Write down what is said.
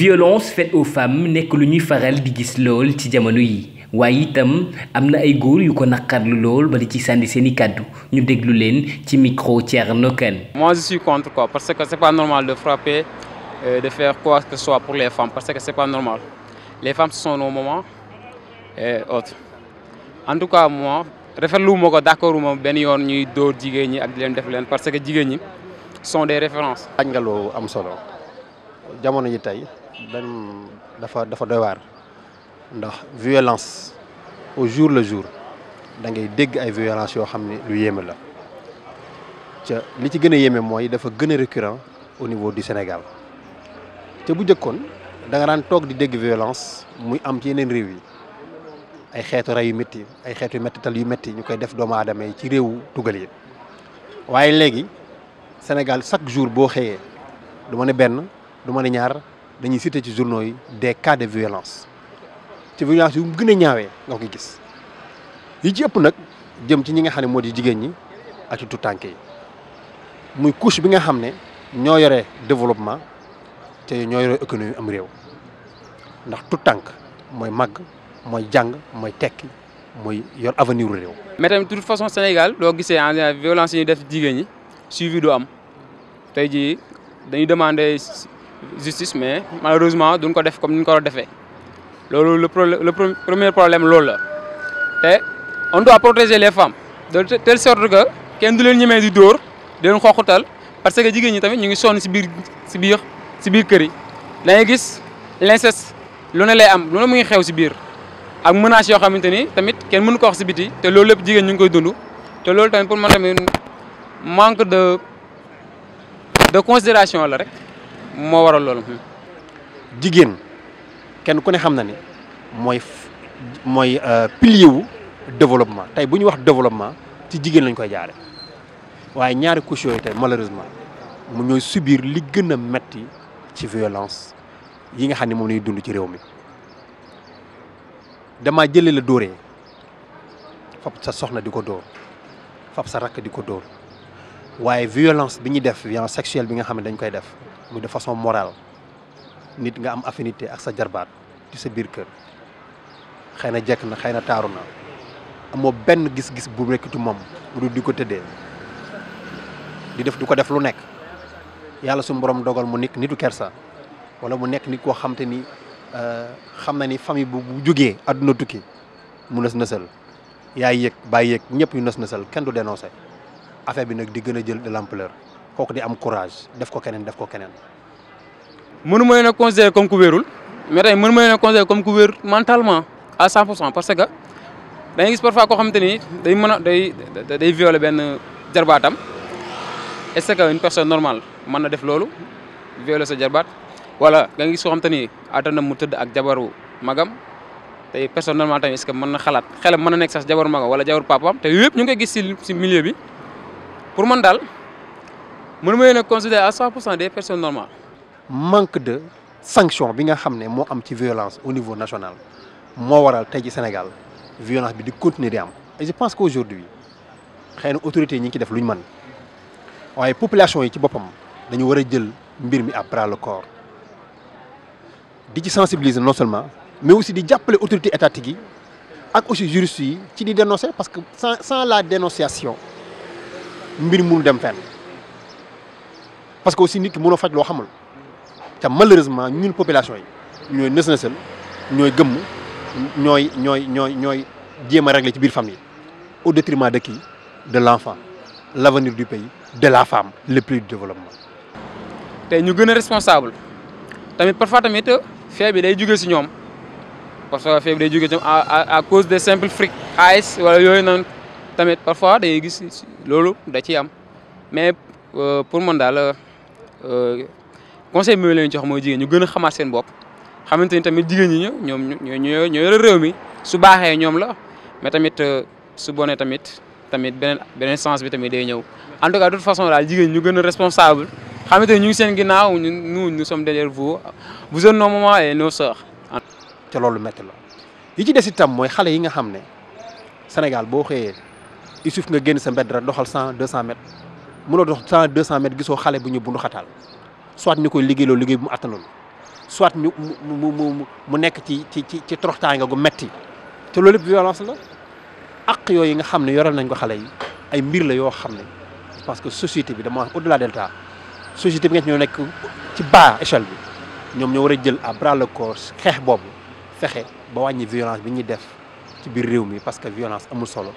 violence faite aux femmes nekk lu ñuy faral di gis lool ci jamono yi waaye itam am na ay góor yu ko naqarlu lool ba di ci sànni seen i kàddu ñu déglu leen ci micro Thierno Kane. moi je suis contre quoi parce que c'est pas normal de frapper euh, de faire quoi que ce soit pour les femmes parce que c'est pas normal les femmes ce sont nos mamans et en tout cas moi rafetlu ma ko d'accord ma benn yoon ñuy dóor jigéen ñi ak leen def leen parce que jigéen ñi sont des références. laaj nga am solo jamono tey dañ dafa dafa doy waar ndax violence au jour le jour da ngay dégg ay violence yoo xam ne lu yéeme la ca li ci gën a yéeme mooy dafa gën a récurrent au niveau du Sénégal te bu njëkkoon da daan toog di dégg violence muy am ci yeneen réew yi ay xeetu rey yu métti ay xeetu méttital yu métti ñu koy def doomu aadama yi ci réew tugal yi waaye léegi Sénégal chaque jour boo xëyee du ma ne benn du ma ne ñaar dañuy cité ci journaux yi des cas de violence ci violence yu gën a ñaawee nga ko gis yi ci ëpp nag jëm ci ñi nga xam ne moo di jigéen ñi ak ci tuutànk yi muy couche bi nga xam ne ñoo yore développement te ñoo yore économie am réew ndax tànk mooy màgg mooy jàng mooy tekki mooy yor avenir u réew. mais tamit façon Sénégal loo gisee en violence yi ñuy def jigéen ñi suivi du am tey jii dañuy demander. justice mais malheureusement duñ ko def comme ni ñu ko defee loolu le problème le premier problème loolu la te on doit protéger les femmes de telle sorte que kenn du leen ñemee di dóor deen leen xoqutal parce que jigéen ñi tamit ñu ngi sonn si biir si biir si biir kër yi dangay gis l'inceste lu ne lay am lu mu ngi xew si biir ak menaces yoo xamante ni tamit kenn mënu ko wax si biti te loolu lépp jigéen ñu ngi koy dund te loolu tamit pour man tamit manque de de considération la rek moo waral loolu. jigéen kenn ku ne xam na ni mooy mooy euh, pilier wu développement tey bu ñu wax développement ci jigéen lañ koy jaare waaye ñaari couches yooyu tey malheureusement mu ñooy subir li gën a metti ci violence yi nga xam ne moom la ñuy dund ci réew mi damaa jële la dóoree fab sa soxna di ko dóor fab sa rakk di ko dóor waaye violence bi ñuy def violence sexuelle bi nga xam ne dañ koy def. mu de façon morale nit nga am affinité ak sa jarbaat ci sa biir kër xëy na jekk na xëy na taaru na amoo benn gis-gis bu nekkitu moom bu dul di ko tëddee di def du ko def lu nekk yàlla suñu borom dogal mu nekk nitu kersa wala mu nekk nit koo xam te ni euh, xam na ni famille bu bu jógee àdduna tukki mu nës nësal yaay yëg bàyyi yëg ñëpp yu nës nësal kenn du dénoncé affaire bi nag di gën a jël de l'ampleur kooku di am courage def ko keneen def ko keneen. mënu ma leen a conseiller comme ku wérul mais tey mënu ma leen a ku wér mentalement à 100 pour cent parce que da ngay gis parfois koo xamante ni day mën a day day violer benn jarbaatam est-ce que une personne normale mën na def loolu violer sa jarbaat wala da ngay gis koo xamante ni àttanam mu tëdd ak jabaru magam tey personne normale tamit est-ce que mën na xalaat xelam man na nekk sax jabaru magam wala jabaru papaam te yëpp ñu ngi gis si si bi pour man daal. mënuma leen a consider à 100% des personnes normales. manque de sanction bi nga xam ne moo am ci violence au niveau nationale moo waral tey ji Sénégal violence bi di continuer di am et je pense qu'aujourd'hui xëy na autorité ñi ngi ci def lu ñu man waaye population yi ci boppam dañu war a jël mbir mi à bras le corps di ci sensibiliser non seulement mais aussi di jàppale autorité étatiques yi ak aussi juristes yi ci di dénoncer parce que sans sans la dénonciation mbir mënu dem fenn. parce que aussi nit ki mënoo faj loo xamul te malheureusement ñun population yi ñooy nës nësal ñooy gëmm ñooy ñooy ñooy jéem a régler ci biir famille au détriment de qui de l' enfant l' avenir du pays de la femme le plus du développement. te ñu gën a responsable tamit parfois tamit feeb bi day jóge si ñoom parce que feeb day jóge si ñoom à cause des simples fric xaalis wala yooyu noonu tamit parfois day gis loolu da ciy am mais euh, pour man daal. Euh, conseil bi ma leen jox mooy jigéen ñu gën a xamaat seen bopp xamante ni tamit jigéen ñi ñoom ñoo ñoo yore réew mi su baaxee ñoom la mais tamit euh, su bonee tamit tamit beneen beneen sens bi tamit day ñëw. en tout façon daal jigéen ñu gën a responsable xamante ni ñu seen ginnaaw ñun nous nous sommes derrière vous vous êtes nos mamans et nos loolu métti la yi ci des itam mooy xale yi nga xam ne Sénégal boo xëyee il suffit nga génn sa mbedd rek doxal cent deux cent mënoo dox cent deux cent mètres gisoo xale bu ñu bundu xataal soit ñu koy liggéeyloo liggéey mu attanoon soit ñu mu mu mu nekk ci ci ci ci toroxtaanga gu metti te loolu lépp violence la ak yooyu nga xam ne yoral nañ ko xale yi ay mbir la yoo xam ne parce que société bi dama au delà delta société bi nga ñoo nekk ci bas échelle bi ñoom ñoo war a jël à bras le xeex boobu fexe ba wàññi violence bi ñuy def ci biir réew mi parce que violence amul solo